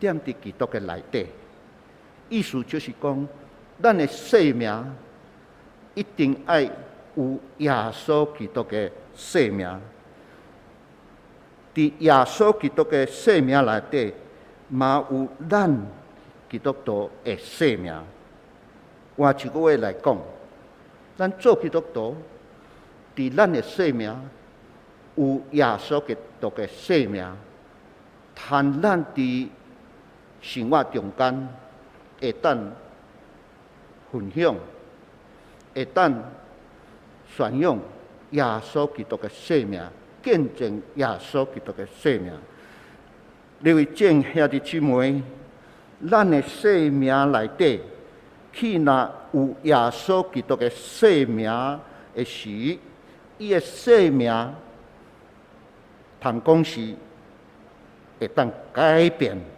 點佇基督嘅內底，意思就是講，咱嘅生命一定愛有耶穌基督嘅生命。佇耶穌基督嘅生命內底，嘛有咱的基督徒嘅生命。換一句話來講，咱做基督徒，佇咱嘅生命有耶穌基督嘅生命，但咱佇。生活中間，會當分享，會當宣揚耶穌基督嘅性命，見證耶穌基督嘅性命。你會正兄弟姊妹，咱嘅生命裏底，去那有耶穌基督嘅性命嘅時，伊嘅生命的，通講是會當改變。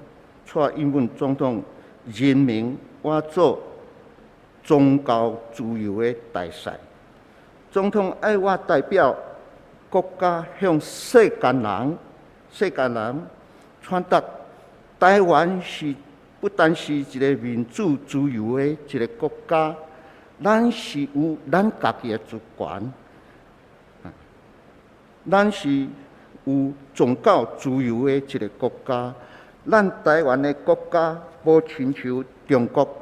英文總統任命我做宗教自由嘅大使。總統愛我代表國家向世間人、世間人傳達，台灣是不但是一個民主自由嘅一個國家，咱是有咱家己嘅主權，咱是有宗教自由的一個國家。咱台灣嘅國家無親像中國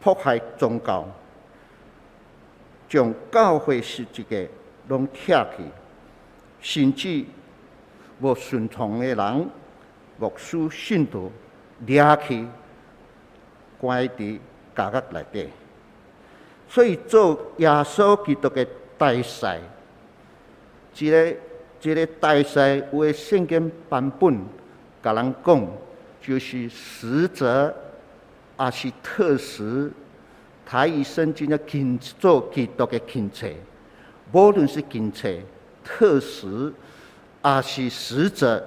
迫害宗教，將教會事業攏拆去，甚至無順從嘅人、牧師、信徒掠去，關佇監獄內底。所以做耶穌基督嘅大使，即、這個即、這個大使，有嘅聖經版本甲人講。就是使者，也是特使，台語聖經的敬做基督嘅欽差。無論是欽差、特使，也是使者。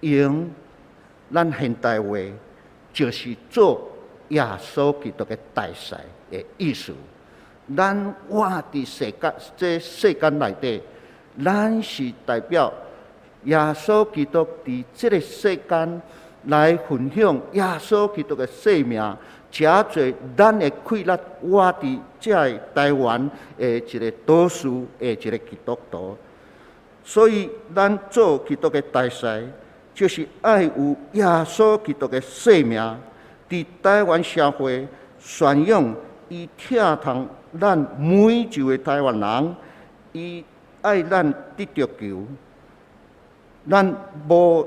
用咱現代話，就是做耶穌基督嘅大使嘅意思。咱活佇世界，即、這個、世間內底，咱是代表耶穌基督佇即個世間。來分享耶穌基督嘅性命，遮儕咱嘅快樂，活佇遮台灣的一個多數，嘅一個基督徒。所以，咱做基督的嘅大使，就是愛有耶穌基督嘅性命，佇台灣社會宣揚，伊疼痛咱每一位台灣人，伊愛咱得著救，咱無。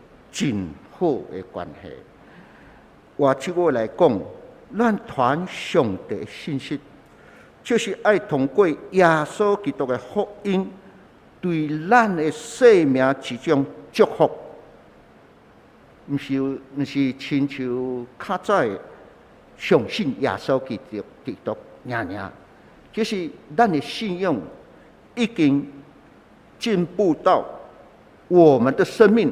真好嘅關係。我即個來講，咱團上的信息就是愛通過耶穌基督嘅福音，對咱嘅生命之中祝福。毋是毋是，親像卡早相信耶穌基督基督，聽聽，就是咱嘅信仰已經進步到我們的生命。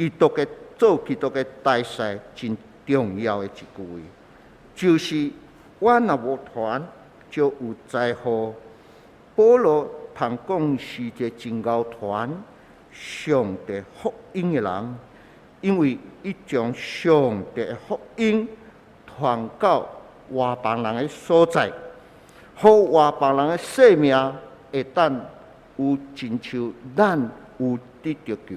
基督做基督嘅大使。真重要嘅一句話，就是我若無傳，就有災禍。保羅同工是一個真夠傳上帝嘅福音嘅人，因為伊將上帝的福音傳到外邦人嘅所在，好外邦人嘅性命會當有親像咱有得著救。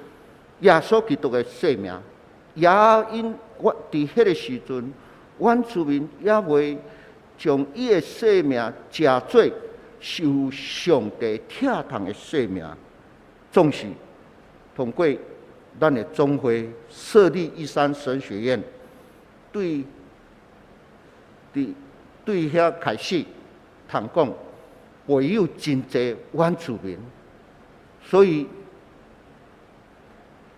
耶穌基督嘅生命，也因我佇迄個時陣，原住民也未將伊嘅生命食做受上帝疼痛嘅生命，總是通過咱嘅總會設立玉山神學院，對，佇對遐開始，通講，唯有真儕原住民，所以。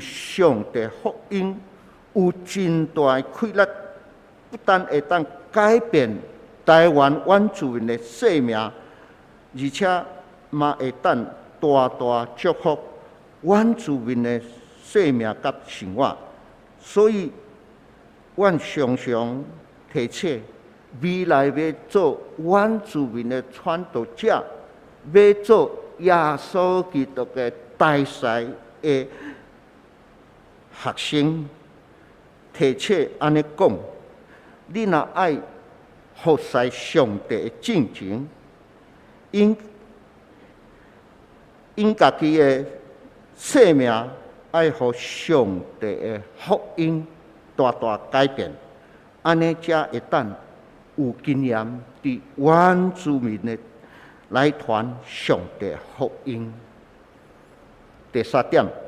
上帝嘅福音有真大嘅威力，不但會當改變台灣原住民嘅生命，而且嘛會當大大祝福原住民嘅生命佮生活。所以上上，阮常常提醒未來要做原住民嘅傳道者，要做耶穌基督嘅大使嘅。學生提出安尼講，你若愛服侍上帝的進程，因因家己嘅生命愛互上帝嘅福音，大大改變，安尼才會當有經驗，佇原住民嘅來傳上帝嘅福音。第三點。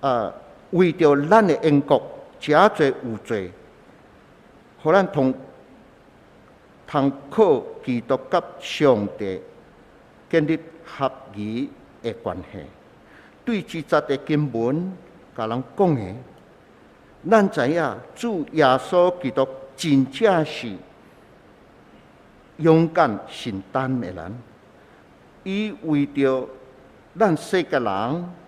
啊，為着咱嘅英國，真多有罪，互咱通通靠基督甲上帝建立和好嘅關係，對即節的根本，甲人講嘅。咱知影主耶穌基督真正是勇敢承擔嘅人，伊為着咱世界人。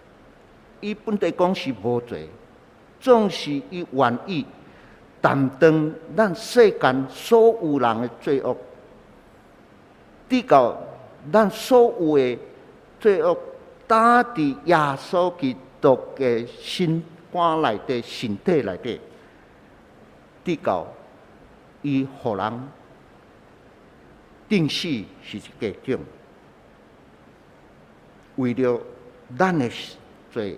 伊本底講是無罪，總是伊願意擔當咱世間所有人嘅罪惡。滴到咱所有嘅罪惡，打佇耶穌基督嘅心肝內底、身體內底，滴到伊予人定死是一個種，為了咱嘅罪。